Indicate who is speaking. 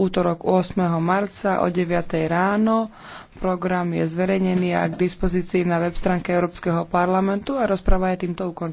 Speaker 1: útorok 8. marca o 9. ráno. Program je zverejnený a k dispozícii na web stránke Európskeho parlamentu a rozprava je týmto ukončená.